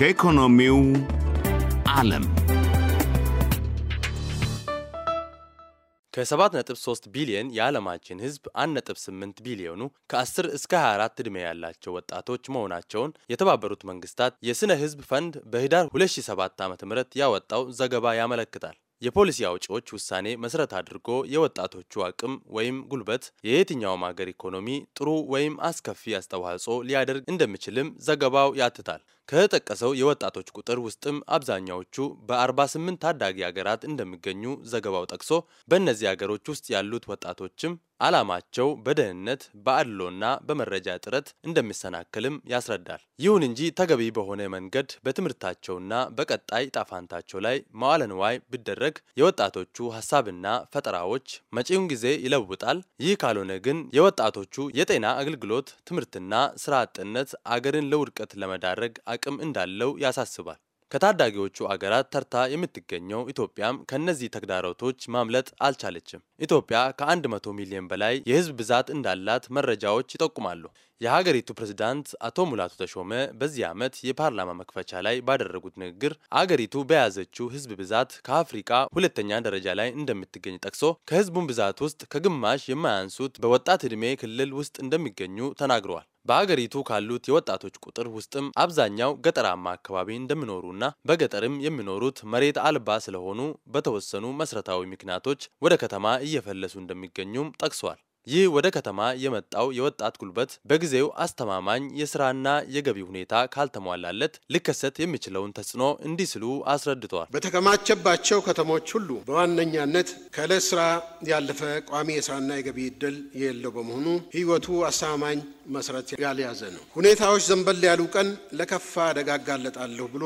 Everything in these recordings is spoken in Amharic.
ከኢኮኖሚው ዓለም ከ7.3 ቢሊዮን የዓለማችን ሕዝብ 1.8 ቢሊዮኑ ከ10 እስከ 24 ዕድሜ ያላቸው ወጣቶች መሆናቸውን የተባበሩት መንግስታት የሥነ ሕዝብ ፈንድ በህዳር 2007 ዓ.ም ያወጣው ዘገባ ያመለክታል። የፖሊሲ አውጪዎች ውሳኔ መሰረት አድርጎ የወጣቶቹ አቅም ወይም ጉልበት የየትኛውም ሀገር ኢኮኖሚ ጥሩ ወይም አስከፊ አስተዋጽኦ ሊያደርግ እንደሚችልም ዘገባው ያትታል። ከተጠቀሰው የወጣቶች ቁጥር ውስጥም አብዛኛዎቹ በ48 ታዳጊ ሀገራት እንደሚገኙ ዘገባው ጠቅሶ በእነዚህ ሀገሮች ውስጥ ያሉት ወጣቶችም ዓላማቸው በደህንነት በአድሎና በመረጃ እጥረት እንደሚሰናክልም ያስረዳል። ይሁን እንጂ ተገቢ በሆነ መንገድ በትምህርታቸውና በቀጣይ ጣፋንታቸው ላይ መዋለ ንዋይ ቢደረግ የወጣቶቹ ሀሳብና ፈጠራዎች መጪውን ጊዜ ይለውጣል። ይህ ካልሆነ ግን የወጣቶቹ የጤና አገልግሎት፣ ትምህርትና ስራ አጥነት አገርን ለውድቀት ለመዳረግ አቅም እንዳለው ያሳስባል። ከታዳጊዎቹ አገራት ተርታ የምትገኘው ኢትዮጵያም ከእነዚህ ተግዳሮቶች ማምለጥ አልቻለችም። ኢትዮጵያ ከ100 ሚሊዮን በላይ የህዝብ ብዛት እንዳላት መረጃዎች ይጠቁማሉ። የሀገሪቱ ፕሬዝዳንት አቶ ሙላቱ ተሾመ በዚህ ዓመት የፓርላማ መክፈቻ ላይ ባደረጉት ንግግር አገሪቱ በያዘችው ህዝብ ብዛት ከአፍሪካ ሁለተኛ ደረጃ ላይ እንደምትገኝ ጠቅሶ ከህዝቡን ብዛት ውስጥ ከግማሽ የማያንሱት በወጣት ዕድሜ ክልል ውስጥ እንደሚገኙ ተናግረዋል። በሀገሪቱ ካሉት የወጣቶች ቁጥር ውስጥም አብዛኛው ገጠራማ አካባቢ እንደሚኖሩና በገጠርም የሚኖሩት መሬት አልባ ስለሆኑ በተወሰኑ መሰረታዊ ምክንያቶች ወደ ከተማ እየፈለሱ እንደሚገኙም ጠቅሷል። ይህ ወደ ከተማ የመጣው የወጣት ጉልበት በጊዜው አስተማማኝ የስራና የገቢ ሁኔታ ካልተሟላለት ሊከሰት የሚችለውን ተጽዕኖ እንዲህ ሲሉ አስረድተዋል። በተከማቸባቸው ከተሞች ሁሉ በዋነኛነት ከለስራ ያለፈ ቋሚ የስራና የገቢ እድል የሌለው በመሆኑ ህይወቱ አስተማማኝ መሰረት ያልያዘ ነው። ሁኔታዎች ዘንበል ያሉ ቀን ለከፋ አደጋ አጋለጣለሁ ብሎ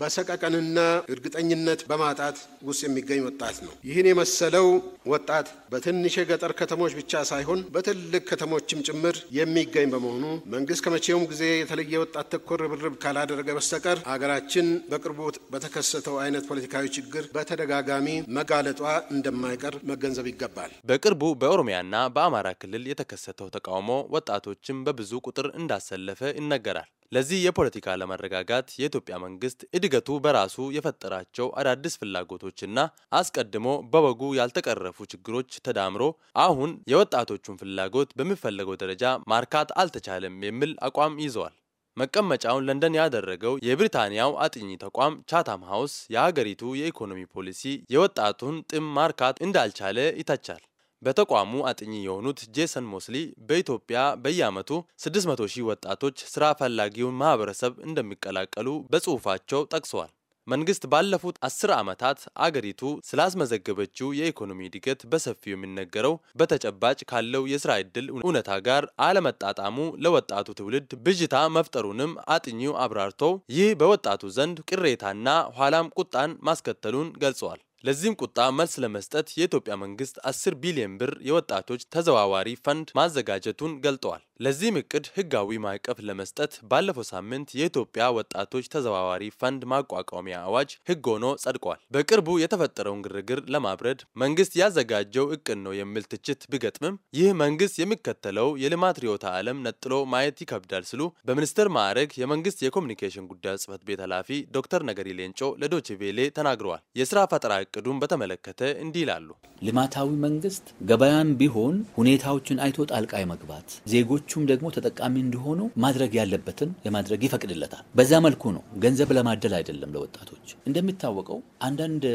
በሰቀቀንና እርግጠኝነት በማጣት ውስጥ የሚገኝ ወጣት ነው። ይህን የመሰለው ወጣት በትንሽ የገጠር ከተሞች ብቻ ሳይሆን በትልቅ ከተሞችም ጭምር የሚገኝ በመሆኑ መንግስት ከመቼውም ጊዜ የተለየ ወጣት ተኮር ርብርብ ካላደረገ በስተቀር አገራችን በቅርቡ በተከሰተው አይነት ፖለቲካዊ ችግር በተደጋጋሚ መጋለጧ እንደማይቀር መገንዘብ ይገባል። በቅርቡ በኦሮሚያና በአማራ ክልል የተከሰተው ተቃውሞ ወጣቶችም ሰዎችን በብዙ ቁጥር እንዳሰለፈ ይነገራል። ለዚህ የፖለቲካ ለመረጋጋት የኢትዮጵያ መንግስት እድገቱ በራሱ የፈጠራቸው አዳዲስ ፍላጎቶችና አስቀድሞ በወጉ ያልተቀረፉ ችግሮች ተዳምሮ አሁን የወጣቶቹን ፍላጎት በሚፈለገው ደረጃ ማርካት አልተቻለም የሚል አቋም ይዘዋል። መቀመጫውን ለንደን ያደረገው የብሪታንያው አጥኚ ተቋም ቻታም ሃውስ የሀገሪቱ የኢኮኖሚ ፖሊሲ የወጣቱን ጥም ማርካት እንዳልቻለ ይተቻል። በተቋሙ አጥኚ የሆኑት ጄሰን ሞስሊ በኢትዮጵያ በየዓመቱ 600 ሺህ ወጣቶች ስራ ፈላጊውን ማህበረሰብ እንደሚቀላቀሉ በጽሑፋቸው ጠቅሰዋል። መንግስት ባለፉት አስር ዓመታት አገሪቱ ስላስመዘገበችው የኢኮኖሚ እድገት በሰፊው የሚነገረው በተጨባጭ ካለው የስራ ዕድል እውነታ ጋር አለመጣጣሙ ለወጣቱ ትውልድ ብዥታ መፍጠሩንም አጥኚው አብራርተው ይህ በወጣቱ ዘንድ ቅሬታና ኋላም ቁጣን ማስከተሉን ገልጸዋል። ለዚህም ቁጣ መልስ ለመስጠት የኢትዮጵያ መንግስት 10 ቢሊዮን ብር የወጣቶች ተዘዋዋሪ ፈንድ ማዘጋጀቱን ገልጠዋል። ለዚህም እቅድ ህጋዊ ማዕቀፍ ለመስጠት ባለፈው ሳምንት የኢትዮጵያ ወጣቶች ተዘዋዋሪ ፈንድ ማቋቋሚያ አዋጅ ህግ ሆኖ ጸድቋል። በቅርቡ የተፈጠረውን ግርግር ለማብረድ መንግስት ያዘጋጀው እቅድ ነው የሚል ትችት ቢገጥምም ይህ መንግስት የሚከተለው የልማት ርዕዮተ ዓለም ነጥሎ ማየት ይከብዳል ሲሉ በሚኒስትር ማዕረግ የመንግስት የኮሚኒኬሽን ጉዳይ ጽህፈት ቤት ኃላፊ ዶክተር ነገሪ ሌንጮ ለዶችቬሌ ተናግረዋል። የስራ ፈጠራ እቅዱን በተመለከተ እንዲህ ይላሉ። ልማታዊ መንግስት ገበያም ቢሆን ሁኔታዎችን አይቶ ጣልቃ መግባት፣ ዜጎቹም ደግሞ ተጠቃሚ እንዲሆኑ ማድረግ ያለበትን ለማድረግ ይፈቅድለታል። በዛ መልኩ ነው፣ ገንዘብ ለማደል አይደለም። ለወጣቶች እንደሚታወቀው አንዳንድ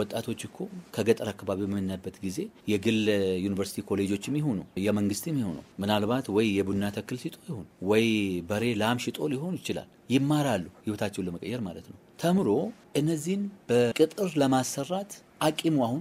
ወጣቶች እኮ ከገጠር አካባቢ በምናይበት ጊዜ የግል ዩኒቨርሲቲ ኮሌጆችም ይሁኑ የመንግስትም ይሁኑ ምናልባት ወይ የቡና ተክል ሽጦ ይሁን ወይ በሬ ላም ሽጦ ሊሆን ይችላል። ይማራሉ ህይወታቸውን ለመቀየር ማለት ነው። ተምሮ እነዚህን በቅጥር ለማሰራት አቂሙ አሁን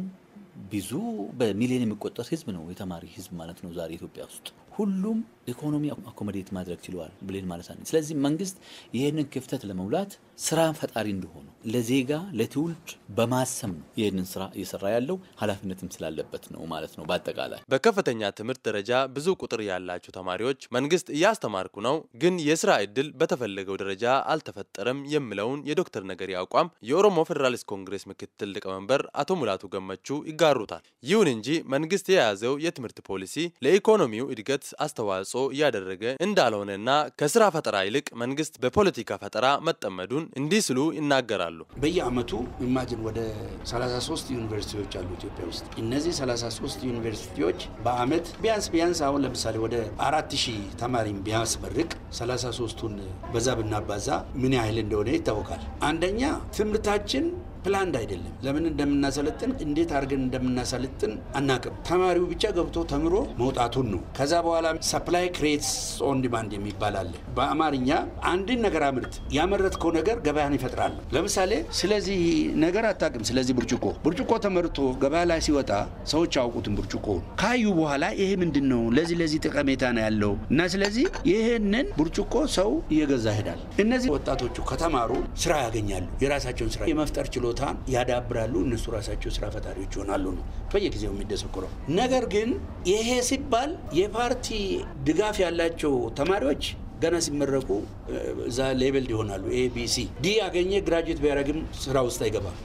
ብዙ በሚሊዮን የሚቆጠር ህዝብ ነው የተማሪ ህዝብ ማለት ነው ዛሬ ኢትዮጵያ ውስጥ ሁሉም ኢኮኖሚ አኮሞዴት ማድረግ ችለዋል ብሌን ማለት ነው። ስለዚህ መንግስት ይህንን ክፍተት ለመሙላት ስራ ፈጣሪ እንደሆኑ ለዜጋ ለትውልድ በማሰም ነው ይህንን ስራ እየሰራ ያለው ኃላፊነትም ስላለበት ነው ማለት ነው። በአጠቃላይ በከፍተኛ ትምህርት ደረጃ ብዙ ቁጥር ያላቸው ተማሪዎች መንግስት እያስተማርኩ ነው፣ ግን የስራ እድል በተፈለገው ደረጃ አልተፈጠረም የሚለውን የዶክተር ነገሪ አቋም የኦሮሞ ፌዴራሊስት ኮንግሬስ ምክትል ሊቀመንበር አቶ ሙላቱ ገመቹ ይጋሩታል። ይሁን እንጂ መንግስት የያዘው የትምህርት ፖሊሲ ለኢኮኖሚው እድገት አስተዋጽኦ እያደረገ እንዳልሆነና ከስራ ፈጠራ ይልቅ መንግስት በፖለቲካ ፈጠራ መጠመዱን እንዲህ ስሉ ይናገራሉ። በየአመቱ ኢማጅን ወደ 33 ዩኒቨርሲቲዎች አሉ ኢትዮጵያ ውስጥ። እነዚህ 33 ዩኒቨርሲቲዎች በአመት ቢያንስ ቢያንስ አሁን ለምሳሌ ወደ 4000 ተማሪም ቢያስመርቅ 33ቱን በዛ ብናባዛ ምን ያህል እንደሆነ ይታወቃል። አንደኛ ትምህርታችን ፕላንድ አይደለም። ለምን እንደምናሰለጥን እንዴት አድርገን እንደምናሰለጥን አናቅም። ተማሪው ብቻ ገብቶ ተምሮ መውጣቱን ነው። ከዛ በኋላ ሰፕላይ ክሬትስ ኦን ዲማንድ የሚባል አለ። በአማርኛ አንድን ነገር አምርት፣ ያመረትከው ነገር ገበያን ይፈጥራል። ለምሳሌ ስለዚህ ነገር አታቅም። ስለዚህ ብርጭቆ ብርጭቆ ተመርቶ ገበያ ላይ ሲወጣ ሰዎች አያውቁትም። ብርጭቆ ካዩ በኋላ ይሄ ምንድን ነው ለዚህ ለዚህ ጠቀሜታ ነው ያለው እና ስለዚህ ይህንን ብርጭቆ ሰው እየገዛ ይሄዳል። እነዚህ ወጣቶቹ ከተማሩ ስራ ያገኛሉ። የራሳቸውን ስራ የመፍጠር ችሎታ ችሎታ ያዳብራሉ፣ እነሱ ራሳቸው ስራ ፈጣሪዎች ይሆናሉ ነው በየጊዜው የሚደሰኩረው ነገር። ግን ይሄ ሲባል የፓርቲ ድጋፍ ያላቸው ተማሪዎች ገና ሲመረቁ እዛ ሌቤልድ ይሆናሉ። ኤቢሲ ዲ ያገኘ ግራጁዌት ቢያደርግም ስራ ውስጥ አይገባም።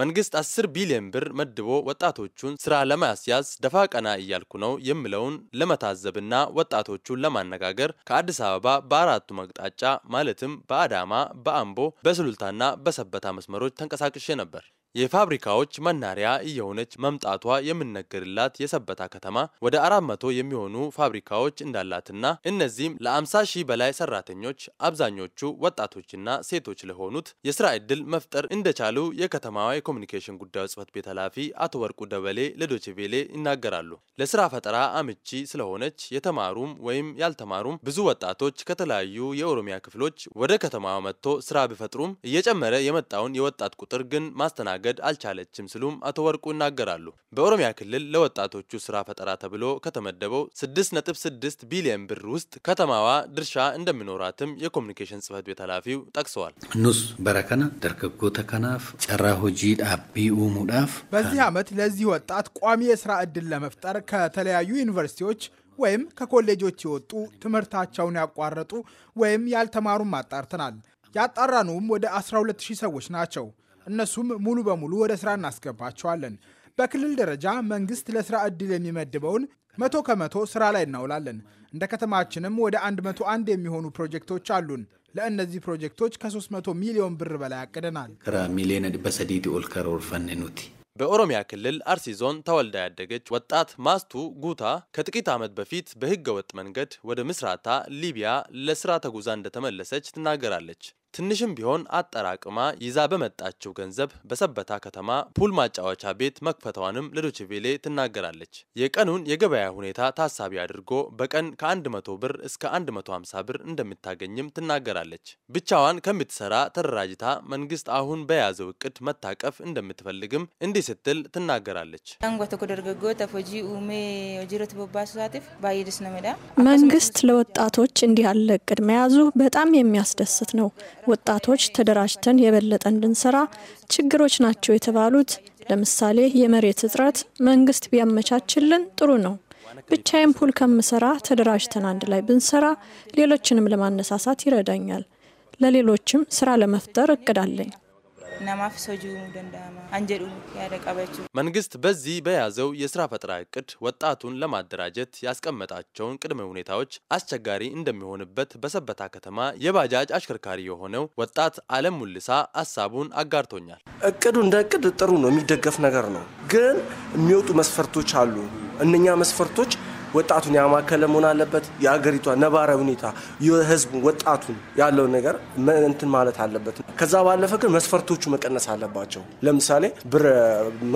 መንግስት 10 ቢሊዮን ብር መድቦ ወጣቶቹን ስራ ለማስያዝ ደፋ ቀና እያልኩ ነው የሚለውን ለመታዘብና ወጣቶቹን ለማነጋገር ከአዲስ አበባ በአራቱ አቅጣጫ ማለትም በአዳማ፣ በአምቦ፣ በስሉልታና በሰበታ መስመሮች ተንቀሳቅሼ ነበር። የፋብሪካዎች መናሪያ እየሆነች መምጣቷ የምነገርላት የሰበታ ከተማ ወደ አራት መቶ የሚሆኑ ፋብሪካዎች እንዳላትና እነዚህም ለ50 ሺህ በላይ ሰራተኞች አብዛኞቹ ወጣቶችና ሴቶች ለሆኑት የስራ ዕድል መፍጠር እንደቻሉ የከተማዋ የኮሚኒኬሽን ጉዳዮች ጽህፈት ቤት ኃላፊ አቶ ወርቁ ደበሌ ለዶችቬሌ ይናገራሉ። ለስራ ፈጠራ አምቺ ስለሆነች የተማሩም ወይም ያልተማሩም ብዙ ወጣቶች ከተለያዩ የኦሮሚያ ክፍሎች ወደ ከተማዋ መጥቶ ስራ ቢፈጥሩም እየጨመረ የመጣውን የወጣት ቁጥር ግን ማስተናገ ማስተናገድ አልቻለችም ሲሉም አቶ ወርቁ ይናገራሉ። በኦሮሚያ ክልል ለወጣቶቹ ስራ ፈጠራ ተብሎ ከተመደበው 6.6 ቢሊዮን ብር ውስጥ ከተማዋ ድርሻ እንደሚኖራትም የኮሚኒኬሽን ጽህፈት ቤት ኃላፊው ጠቅሰዋል። ኑስ በረከና ደርገጎ ተከናፍ ጨራ ሆጂ ዳቢ ሙዳፍ በዚህ ዓመት ለዚህ ወጣት ቋሚ የስራ ዕድል ለመፍጠር ከተለያዩ ዩኒቨርሲቲዎች ወይም ከኮሌጆች የወጡ ትምህርታቸውን ያቋረጡ ወይም ያልተማሩም አጣርተናል። ያጣራነውም ወደ 12000 ሰዎች ናቸው። እነሱም ሙሉ በሙሉ ወደ ስራ እናስገባቸዋለን። በክልል ደረጃ መንግስት ለስራ ዕድል የሚመድበውን መቶ ከመቶ ስራ ላይ እናውላለን። እንደ ከተማችንም ወደ 101 የሚሆኑ ፕሮጀክቶች አሉን። ለእነዚህ ፕሮጀክቶች ከ300 ሚሊዮን ብር በላይ አቅደናል። በኦሮሚያ ክልል አርሲ ዞን ተወልዳ ያደገች ወጣት ማስቱ ጉታ ከጥቂት ዓመት በፊት በህገ ወጥ መንገድ ወደ ምስራታ ሊቢያ ለስራ ተጉዛ እንደተመለሰች ትናገራለች። ትንሽም ቢሆን አጠራቅማ ይዛ በመጣችው ገንዘብ በሰበታ ከተማ ፑል ማጫወቻ ቤት መክፈቷንም ለዶችቬሌ ትናገራለች። የቀኑን የገበያ ሁኔታ ታሳቢ አድርጎ በቀን ከ100 ብር እስከ 150 ብር እንደምታገኝም ትናገራለች። ብቻዋን ከምትሰራ ተደራጅታ መንግስት አሁን በያዘው እቅድ መታቀፍ እንደምትፈልግም እንዲህ ስትል ትናገራለች። መንግስት ለወጣቶች እንዲህ ያለ እቅድ መያዙ በጣም የሚያስደስት ነው። ወጣቶች ተደራጅተን የበለጠ እንድንሰራ ችግሮች ናቸው የተባሉት ለምሳሌ የመሬት እጥረት መንግስት ቢያመቻችልን ጥሩ ነው። ብቻዬን ፑል ከምሰራ ተደራጅተን አንድ ላይ ብንሰራ ሌሎችንም ለማነሳሳት ይረዳኛል። ለሌሎችም ስራ ለመፍጠር እቅዳለኝ። ነማፍ ሰጁ ደንዳማ አንጀዱ ያደ ቀበችው መንግስት በዚህ በያዘው የስራ ፈጠራ እቅድ ወጣቱን ለማደራጀት ያስቀመጣቸውን ቅድመ ሁኔታዎች አስቸጋሪ እንደሚሆንበት በሰበታ ከተማ የባጃጅ አሽከርካሪ የሆነው ወጣት አለም ሙልሳ ሀሳቡን አጋርቶኛል። እቅዱ እንደ እቅድ ጥሩ ነው፣ የሚደገፍ ነገር ነው። ግን የሚወጡ መስፈርቶች አሉ። እነኛ መስፈርቶች ወጣቱን ያማከለ መሆን አለበት። የአገሪቷ ነባራዊ ሁኔታ የህዝቡ ወጣቱን ያለውን ነገር እንትን ማለት አለበት። ከዛ ባለፈ ግን መስፈርቶቹ መቀነስ አለባቸው። ለምሳሌ ብር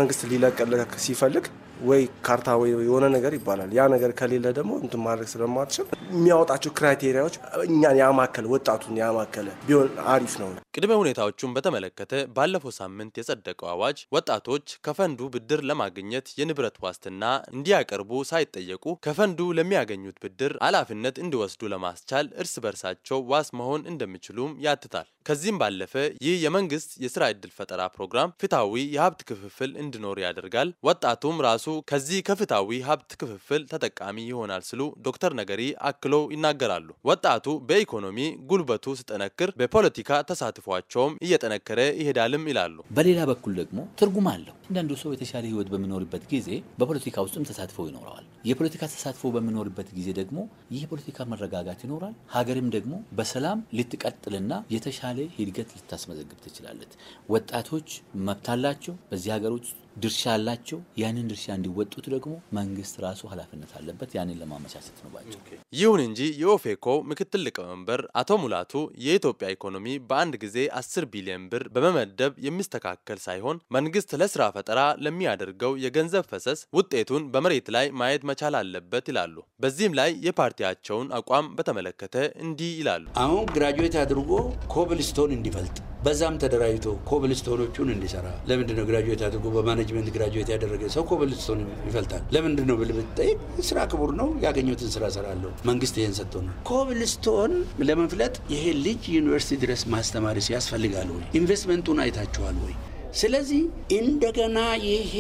መንግስት ሊለቅልህ ሲፈልግ ወይ ካርታ ወይ የሆነ ነገር ይባላል። ያ ነገር ከሌለ ደግሞ እንትን ማድረግ ስለማትችል የሚያወጣቸው ክራይቴሪያዎች እኛን ያማከለ ወጣቱን ያማከለ ቢሆን አሪፍ ነው። ቅድመ ሁኔታዎቹን በተመለከተ ባለፈው ሳምንት የጸደቀው አዋጅ ወጣቶች ከፈንዱ ብድር ለማግኘት የንብረት ዋስትና እንዲያቀርቡ ሳይጠየቁ ከፈንዱ ለሚያገኙት ብድር ኃላፊነት እንዲወስዱ ለማስቻል እርስ በርሳቸው ዋስ መሆን እንደሚችሉም ያትታል። ከዚህም ባለፈ ይህ የመንግስት የስራ ዕድል ፈጠራ ፕሮግራም ፍትሐዊ የሀብት ክፍፍል እንዲኖር ያደርጋል። ወጣቱም ራሱ ከዚህ ከፍትሐዊ ሀብት ክፍፍል ተጠቃሚ ይሆናል ሲሉ ዶክተር ነገሪ አክለው ይናገራሉ። ወጣቱ በኢኮኖሚ ጉልበቱ ስጠነክር፣ በፖለቲካ ተሳትፏቸውም እየጠነከረ ይሄዳልም ይላሉ። በሌላ በኩል ደግሞ ትርጉም አለው። አንዳንዱ ሰው የተሻለ ህይወት በሚኖርበት ጊዜ በፖለቲካ ውስጥም ተሳትፎ ይኖረዋል። የፖለቲካ ተሳትፎ በሚኖርበት ጊዜ ደግሞ ይህ የፖለቲካ መረጋጋት ይኖራል። ሀገርም ደግሞ በሰላም ልትቀጥልና የተሻለ የተሻለ እድገት ልታስመዘግብ ትችላለች። ወጣቶች መብት አላቸው። በዚህ ሀገር ውስጥ ድርሻ አላቸው። ያንን ድርሻ እንዲወጡት ደግሞ መንግስት ራሱ ኃላፊነት አለበት። ያንን ለማመቻቸት ነው ባቸው። ይሁን እንጂ የኦፌኮ ምክትል ሊቀመንበር አቶ ሙላቱ የኢትዮጵያ ኢኮኖሚ በአንድ ጊዜ 10 ቢሊዮን ብር በመመደብ የሚስተካከል ሳይሆን መንግስት ለስራ ፈጠራ ለሚያደርገው የገንዘብ ፈሰስ ውጤቱን በመሬት ላይ ማየት መቻል አለበት ይላሉ። በዚህም ላይ የፓርቲያቸውን አቋም በተመለከተ እንዲህ ይላሉ። አሁን ግራጁዌት አድርጎ ኮብልስቶን እንዲፈልጥ በዛም ተደራጅቶ ኮብልስቶኖቹን እንዲሰራ ለምንድን ነው ግራጁዌት አድርጎ በማኔጅመንት ግራጁዌት ያደረገ ሰው ኮብልስቶን ይፈልጣል? ለምንድን ነው ብል ብትጠይቅ ስራ ክቡር ነው፣ ያገኘትን ስራ እሰራለሁ። መንግስት ይህን ሰጥቶ ነው። ኮብልስቶን ለመፍለጥ ይሄ ልጅ ዩኒቨርሲቲ ድረስ ማስተማሪ ያስፈልጋል ወይ? ኢንቨስትመንቱን አይታችኋል ወይ? ስለዚህ እንደገና ይሄ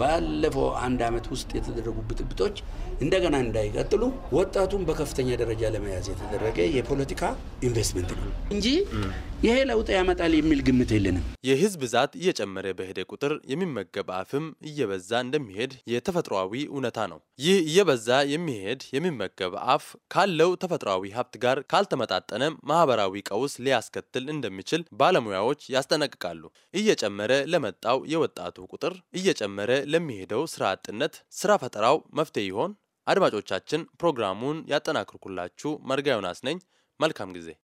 ባለፈው አንድ ዓመት ውስጥ የተደረጉ ብጥብጦች እንደገና እንዳይቀጥሉ ወጣቱን በከፍተኛ ደረጃ ለመያዝ የተደረገ የፖለቲካ ኢንቨስትመንት ነው እንጂ ይሄ ለውጥ ያመጣል የሚል ግምት የለንም። የህዝብ ብዛት እየጨመረ በሄደ ቁጥር የሚመገብ አፍም እየበዛ እንደሚሄድ የተፈጥሯዊ እውነታ ነው። ይህ እየበዛ የሚሄድ የሚመገብ አፍ ካለው ተፈጥሯዊ ሀብት ጋር ካልተመጣጠነ ማህበራዊ ቀውስ ሊያስከትል እንደሚችል ባለሙያዎች ያስጠነቅቃሉ። እየጨመረ ለመጣው የወጣቱ ቁጥር እየጨመረ ለሚሄደው ስራ አጥነት ስራ ፈጠራው መፍትሄ ይሆን? አድማጮቻችን ፕሮግራሙን ያጠናክርኩላችሁ መርጋ ዮናስ ነኝ። መልካም ጊዜ